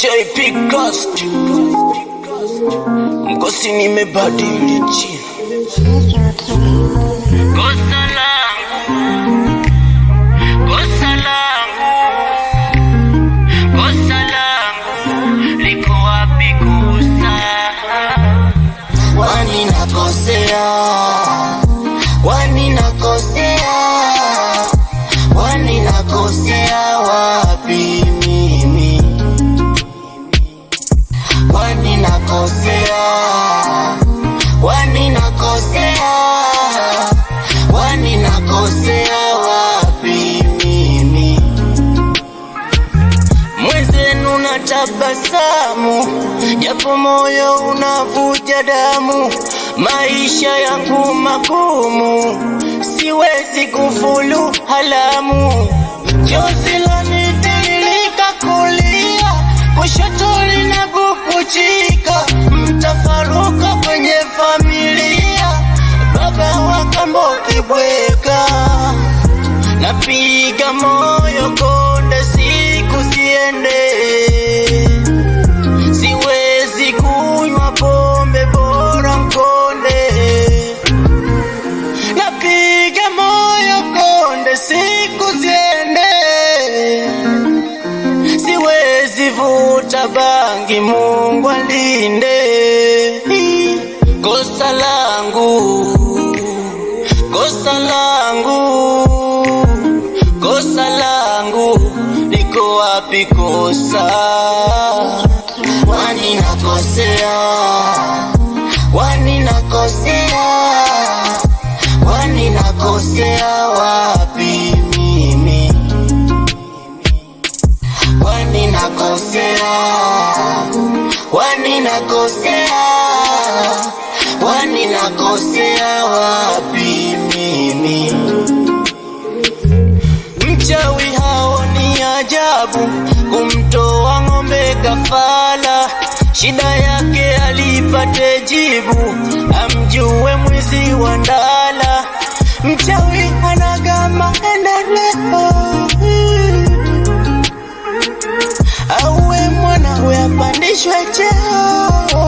JP Cost Mkosi, nimebadili jina nakosea, wani nakosea, wani nakosea wapi mimi? Mwenzenu na tabasamu, japo moyo unavuja damu, maisha yangu magumu, siwezi kufulu halamu jozi la nitiririka kulia kushoto linagukuchia Kitambo kibweka, napiga moyo konde, siku siende, siwezi kunywa pombe, bora mkonde, napiga moyo konde, siku siende, siwezi vuta bangi, Mungu alinde. kosa langu, kosa langu niko wapi kosa? Wani nakosea, wani nakosea, wani nakosea wapi mimi? Wani nakosea, wani nakosea, wani nakosea wapi? sababu kumtoa ng'ombe kafala, shida yake alipate jibu, amjue mwizi wa ndala, mchawi anagama awe auwe mwanawe apandishwe cheo